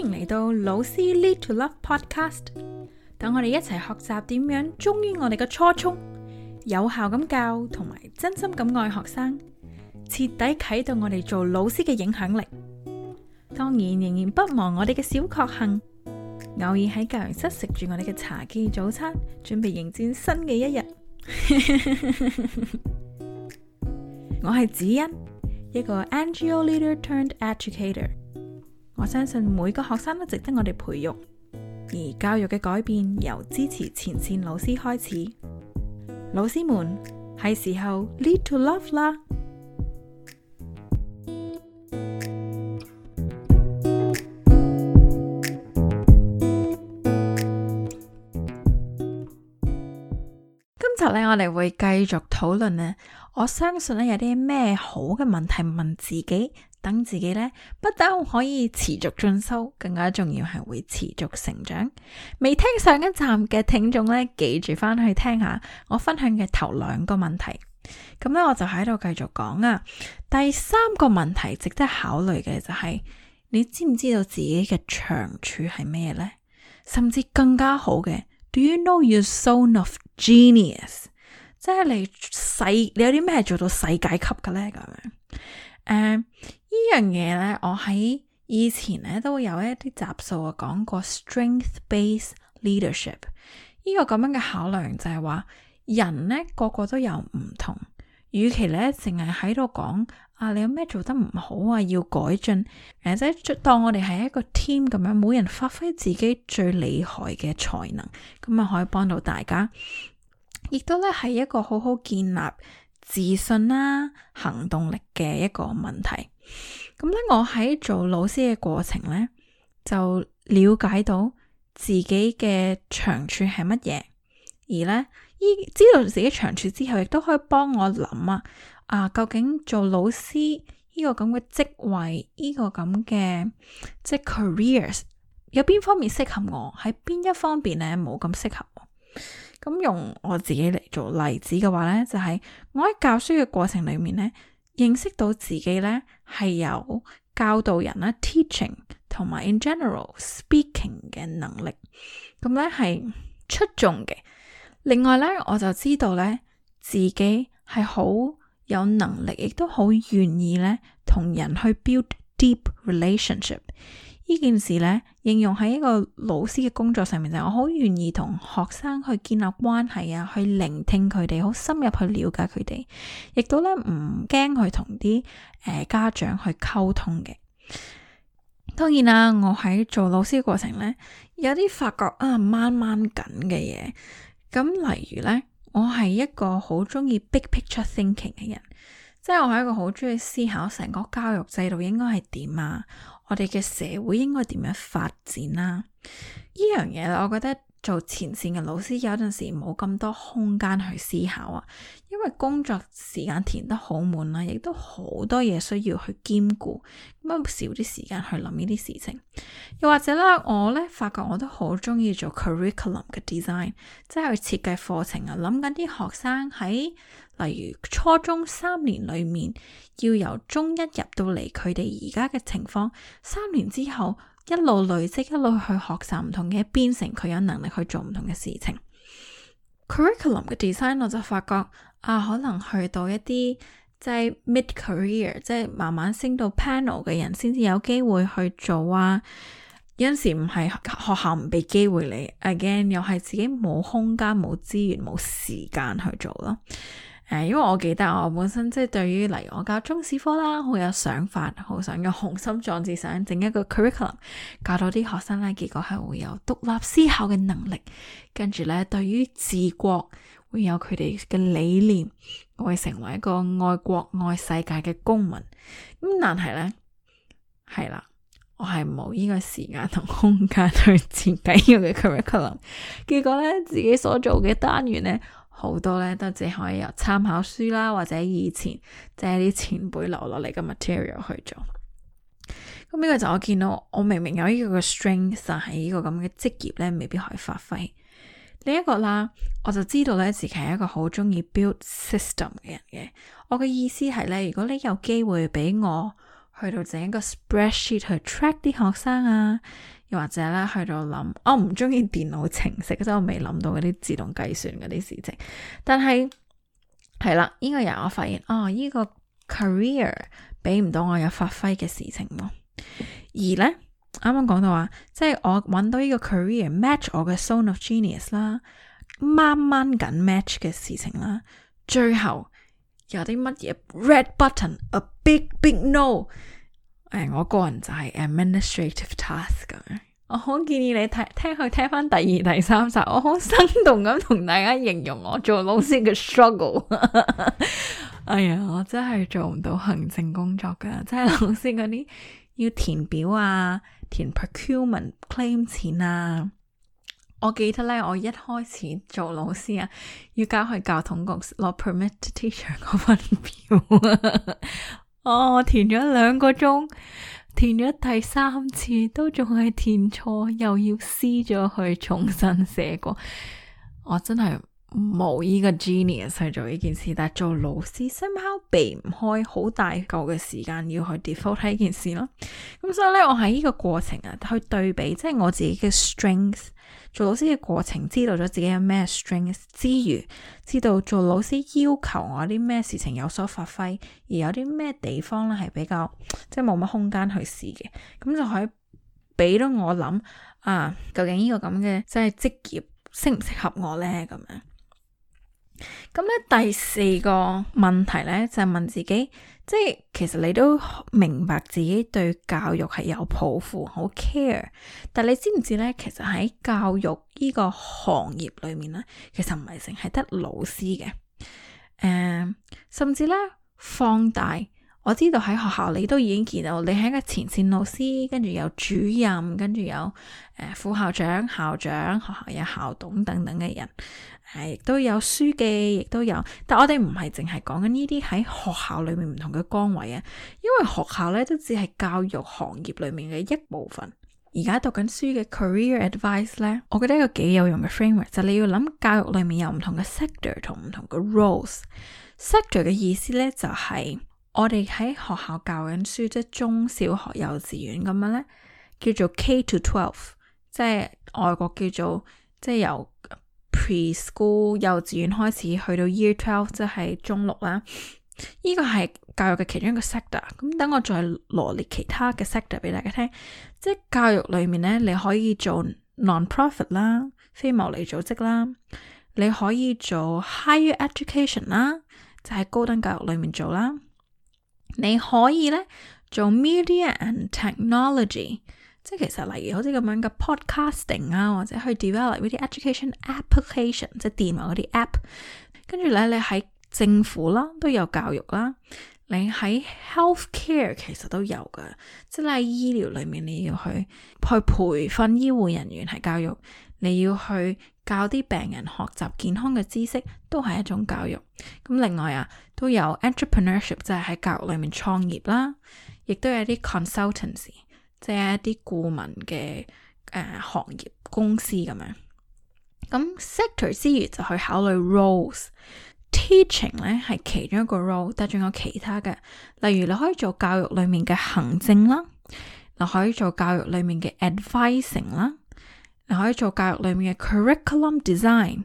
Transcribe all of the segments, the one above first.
歡迎嚟到老師 Lead to Love Podcast，等我哋一齊學習點樣忠於我哋嘅初衷，有效咁教同埋真心咁愛學生，徹底啟動我哋做老師嘅影響力。當然，仍然不忘我哋嘅小確幸，偶爾喺教研室食住我哋嘅茶記早餐，準備迎戰新嘅一日。 我係子欣，一個 NGO leader turned educator。Turn ed educ 我相信每個學生都值得我哋培育，而教育嘅改變由支持前線老師開始。老師們，係時候 Lead to Love 啦。今集呢，我哋會繼續討論呢，我相信呢有啲咩好嘅問題問自己。等自己咧，不但可以持續進修，更加重要係會持續成長。未聽上一集嘅聽眾咧，記住翻去聽下我分享嘅頭兩個問題。咁咧我就喺度繼續講啊。第三個問題值得考慮嘅就係你知唔知道自己嘅長處係咩呢？甚至更加好嘅，Do you know your zone of genius？即係你世你有啲咩做到世界級嘅呢？咁樣。誒，呢、嗯、樣嘢呢，我喺以前咧都有一啲集數啊講過 strength-based leadership，呢個咁樣嘅考量就係話人呢個個都有唔同，與其呢，淨係喺度講啊你有咩做得唔好啊要改進，誒即係當我哋係一個 team 咁樣，每人發揮自己最厲害嘅才能，咁啊可以幫到大家，亦都咧係一個好好建立。自信啦，啊，行動力嘅一個問題。咁咧，我喺做老師嘅過程呢，就了解到自己嘅長處係乜嘢，而呢，依知道自己長處之後，亦都可以幫我諗啊啊，究竟做老師呢，這個咁嘅職位，呢，這個咁嘅即係 careers，有邊方面適合我，喺邊一方面呢？冇咁適合我。」咁用我自己嚟做例子嘅話呢，就係我喺教書嘅過程裏面呢，認識到自己呢係有教導人啦、teaching 同埋 in general speaking 嘅能力，咁呢係出眾嘅。另外呢，我就知道呢自己係好有能力，亦都好願意呢同人去 build deep relationship。呢件事呢，應用喺一個老師嘅工作上面就係我好願意同學生去建立關係啊，去聆聽佢哋，好深入去了解佢哋，亦都咧唔驚去同啲誒家長去溝通嘅。當然啦，我喺做老師嘅過程呢，有啲發覺啊掹掹緊嘅嘢，咁、嗯、例如呢，我係一個好中意 big picture thinking 嘅人。即係我係一個好鍾意思考成個教育制度應該係點啊，我哋嘅社會應該點樣發展啦、啊？呢樣嘢我覺得。做前線嘅老師有陣時冇咁多空間去思考啊，因為工作時間填得好滿啦，亦都好多嘢需要去兼顧，咁少啲時間去諗呢啲事情。又或者啦，我呢發覺我都好中意做 curriculum 嘅 design，即係去設計課程啊，諗緊啲學生喺例如初中三年裏面，要由中一入到嚟佢哋而家嘅情況，三年之後。一路累積，一路去學習唔同嘅編程，佢有能力去做唔同嘅事情。Curriculum 嘅 design，我就發覺啊，可能去到一啲即係 mid career，即係慢慢升到 panel 嘅人，先至有機會去做啊。有陣時唔係學校唔俾機會你，again 又係自己冇空間、冇資源、冇時間去做咯，啊。誒，因為我記得我本身即係對於例如我教中史科啦，好有想法，好想有雄心壯志，想整一個 curriculum 教到啲學生啦，結果係會有獨立思考嘅能力，跟住咧對於治國會有佢哋嘅理念，我會成為一個愛國愛世界嘅公民。咁但係咧係啦，我係冇呢個時間同空間去設計呢個 curriculum，結果咧自己所做嘅單元咧。好多咧都只可以由參考書啦，或者以前借啲前輩留落嚟嘅 material 去做。咁呢個就我見到，我明明有呢個嘅 strength，但係呢個咁嘅職業咧未必可以發揮。另一個啦，我就知道咧自己係一個好中意 build system 嘅人嘅。我嘅意思係咧，如果你有機會俾我去到整一個 spreadsheet 去 track 啲學生啊。又或者咧去到諗，我唔中意電腦程式，即係我未諗到嗰啲自動計算嗰啲事情。但係係啦，呢、這個人我發現哦，呢、這個 career 俾唔到我有發揮嘅事情咯。而呢，啱啱講到話，即係我揾到呢個 career match 我嘅 zone of genius 啦，掹掹緊 match 嘅事情啦，最後有啲乜嘢 red button，a big big no。誒、哎，我個人就係 administrative task 噶我好建議你聽去聽翻第二、第三集，我好生動咁同大家形容我做老師嘅 struggle。 哎呀，我真係做唔到行政工作噶即係老師嗰啲要填表啊，填 procurement claim 錢啊。我記得咧，我一開始做老師啊，要交去教統局攞 permitted teacher 嗰份表。 哦，我填咗兩個鐘，填咗第三次，都仲係填錯，又要撕咗去重新寫過，我真係～冇依個 genius 去做呢件事，但係做老師，somehow 避唔開好大嚿嘅時間要去 default 呢件事啦。咁所以咧，我喺呢個過程啊去對比，即係我自己嘅 strength，做老師嘅過程，知道咗自己有咩 strength 之餘，知道做老師要求我啲咩事情有所發揮，而有啲咩地方咧係比較即係冇乜空間去試嘅，咁就可以俾到我諗啊，究竟呢個咁嘅即係職業適唔適合我咧？咁樣。咁咧，第四個問題咧就係、是、問自己，即係其實你都明白自己對教育係有抱負，好 care，但你知唔知咧？其實喺教育呢個行業裏面咧，其實唔係淨係得老師嘅，誒、嗯，甚至咧放大。我知道喺學校你都已經見到，你係一個前線老師，跟住有主任，跟住有誒副校長、校長，學校有校董等等嘅人，誒亦都有書記，亦都有。但我哋唔係淨係講緊呢啲喺學校裏面唔同嘅崗位啊，因為學校咧都只係教育行業裏面嘅一部分。而家讀緊書嘅 career advice 咧，我覺得一個幾有用嘅 framework 就係你要諗教育裏面有唔同嘅 sector 同唔同嘅 roles。sector 嘅意思咧就係、是。我哋喺學校教緊書,書，即係中小學、幼稚園咁樣咧，叫做 K to Twelve，即係外國叫做，即係由 preschool 幼稚園開始去到 Year Twelve，即係中六啦。呢、這個係教育嘅其中一個 sector。咁等我再羅列其他嘅 sector 俾大家聽，即係教育裏面咧，你可以做 non-profit 啦，profit, 非牟利組織啦，你可以做 higher education 啦，就喺高等教育裏面做啦。你可以咧做 media and technology，即係其實例如好似咁樣嘅 podcasting 啊，或者去 develop 嗰啲 education application，即係電話嗰啲 app。跟住咧，你喺政府啦都有教育啦，你喺 healthcare 其實都有噶，即係你喺醫療裏面你要去去培訓醫護人員係教育，你要去。教啲病人學習健康嘅知識，都係一種教育。咁另外啊，都有 entrepreneurship，即係喺教育裏面創業啦，亦都有一啲 consultancy，即係一啲顧問嘅誒行業公司咁樣。咁 sector 之餘就去考慮 roles，teaching 呢係其中一個 role，但仲有其他嘅，例如你可以做教育裏面嘅行政啦，你可以做教育裏面嘅 advising 啦。你可以做教育裏面嘅 curriculum design，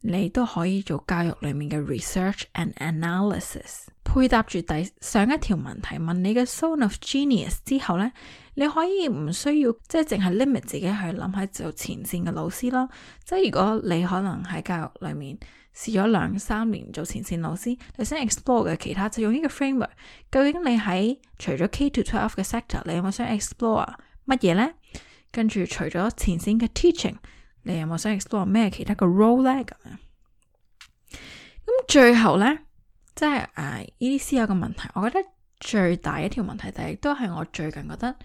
你都可以做教育裏面嘅 research and analysis。配搭住第上一條問題問你嘅 zone of genius 之後呢，你可以唔需要即係淨係 limit 自己去諗喺做前線嘅老師咯。即係如果你可能喺教育裏面試咗兩三年做前線老師，你想 explore 嘅其他就用呢個 framework。究竟你喺除咗 K to twelve 嘅 sector，你有冇想 explore 乜嘢呢？跟住，除咗前線嘅 teaching，你有冇想 explore 咩其他嘅 role 呢？咁樣咁最後呢，即係誒，呢啲思考嘅問題，我覺得最大一條問題，但係亦都係我最近覺得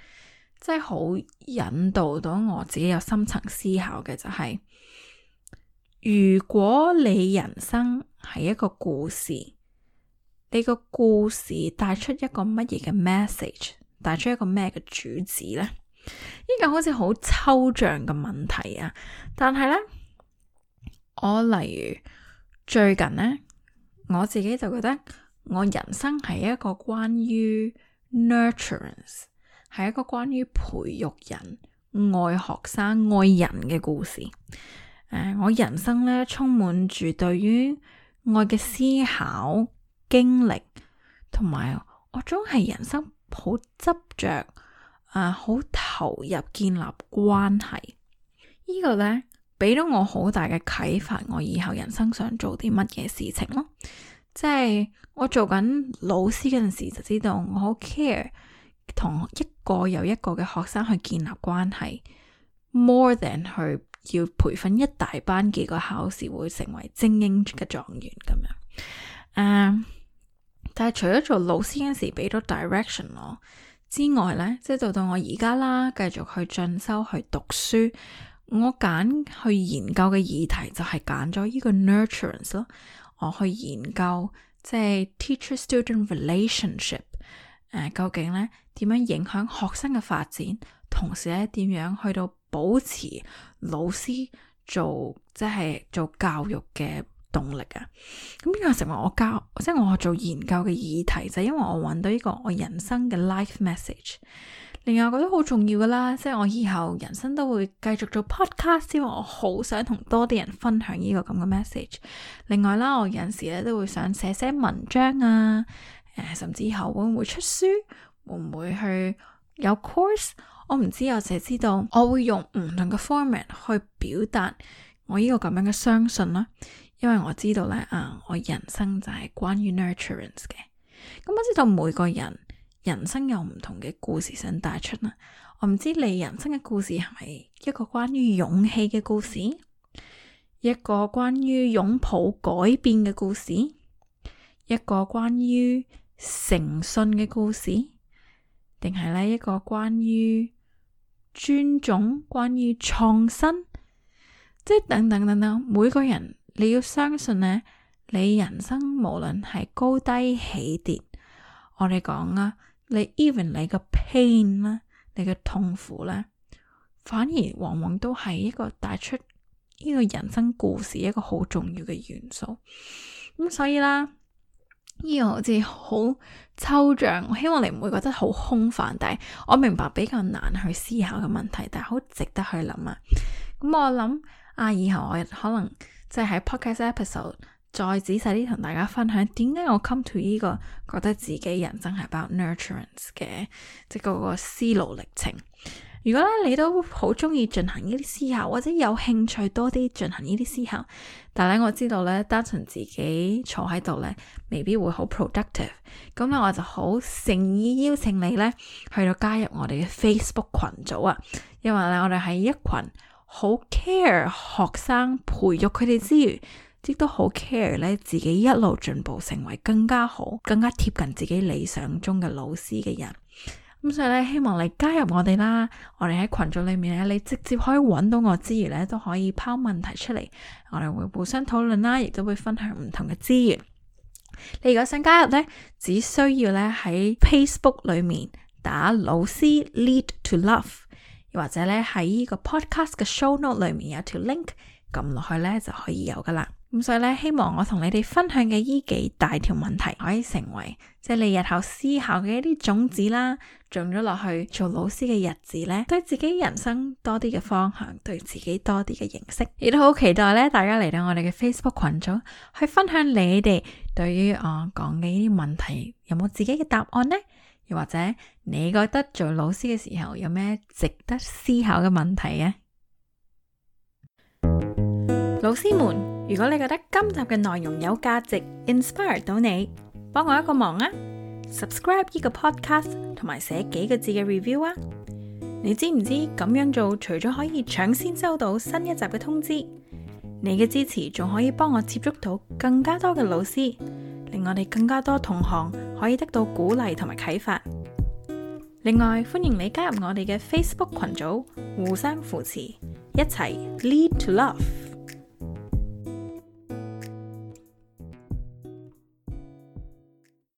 即係好引導到我自己有深層思考嘅，就係如果你人生係一個故事，你個故事帶出一個乜嘢嘅 message，帶出一個咩嘅主旨呢？依個好似好抽象嘅問題啊，但係呢，我例如最近呢，我自己就覺得我人生係一個關於 nurturance，係一個關於培育人、愛學生、愛人嘅故事。誒、呃，我人生呢，充滿住對於愛嘅思考、經歷，同埋我總係人生好執着。啊，好、uh，投入建立關係，呢、呢個呢，俾到我好大嘅啟發，我以後人生想做啲乜嘢事情咯。即係我做緊老師嗰陣時，就知道我好 care 同一個又一個嘅學生去建立關係，more than 去要培訓一大班幾個考試會成為精英嘅狀元咁樣。Uh，但係除咗做老師嗰陣時俾到 direction 咯。之外呢，即係做到我而家啦，繼續去進修去讀書，我揀去研究嘅議題就係揀咗呢個 nurturance 咯。我去研究即係 teacher student relationship 誒、呃，究竟咧點樣影響學生嘅發展，同時咧點樣去到保持老師做即係做教育嘅。動力啊，咁呢個成為我教，即係我做研究嘅議題，就係、是、因為我揾到呢個我人生嘅 life message。另外，我覺得好重要噶啦，即係我以後人生都會繼續做 podcast，因為我好想同多啲人分享呢個咁嘅 message。另外啦，我有時咧都會想寫寫文章啊，誒、呃，甚至以後會唔會出書，會唔會去有 course？我唔知，我淨係知道我會用唔同嘅 format 去表達我呢個咁樣嘅相信啦、啊。因為我知道咧，啊，我人生就係關於 nurturance 嘅。咁、嗯、我知道每個人人生有唔同嘅故事想帶出啦。我唔知你人生嘅故事係咪一個關於勇氣嘅故事，一個關於擁抱改變嘅故事，一個關於誠信嘅故事，定係咧一個關於尊重、關於創新，即係等等等等，每個人。你要相信咧，你人生無論係高低起跌，我哋講啊，你 even 你個 pain 啦，你嘅痛苦咧，反而往往都係一個帶出呢個人生故事一個好重要嘅元素。咁所以啦，呢個好似好抽象，我希望你唔會覺得好空泛，但係我明白比較難去思考嘅問題，但係好值得去諗啊。咁我諗啊，以後我可能。即係喺 podcast episode 再仔細啲同大家分享，點解我 come to 呢個覺得自己人生係 about nurturance 嘅，即係嗰個思路歷程。如果咧你都好中意進行呢啲思考，或者有興趣多啲進行呢啲思考，但係咧我知道咧，單純自己坐喺度咧，未必會好 productive。咁咧我就好誠意邀請你咧去到加入我哋嘅 Facebook 群組啊，因為咧我哋係一群。好 care 學生培育佢哋之餘，亦都好 care 咧自己一路進步，成為更加好、更加貼近自己理想中嘅老師嘅人。咁、嗯、所以咧，希望你加入我哋啦，我哋喺群組裏面咧，你直接可以揾到我之餘咧，都可以拋問題出嚟，我哋會互相討論啦，亦都會分享唔同嘅資源。你如果想加入咧，只需要咧喺 Facebook 裏面打老師 Lead to Love。或者咧喺呢個 podcast 嘅 show note 裏面有條 link，撳落去咧就可以有噶啦。咁所以咧，希望我同你哋分享嘅呢幾大條問題，可以成為即係你日後思考嘅一啲種子啦，種咗落去做老師嘅日子咧，對自己人生多啲嘅方向，對自己多啲嘅認識。亦都好期待咧，大家嚟到我哋嘅 Facebook 群組，去分享你哋對於我講嘅呢啲問題，有冇自己嘅答案呢？或者你覺得做老師嘅時候有咩值得思考嘅問題啊？老師們，如果你覺得今集嘅內容有價值，inspire 到你，幫我一個忙啊！subscribe 呢個 podcast 同埋寫幾個字嘅 review 啊！你知唔知咁樣做除咗可以搶先收到新一集嘅通知，你嘅支持仲可以幫我接觸到更加多嘅老師，令我哋更加多同行，可以得到鼓勵同埋啟發。另外，歡迎你加入我哋嘅 Facebook 群組，互相扶持，一齊 Lead to Love。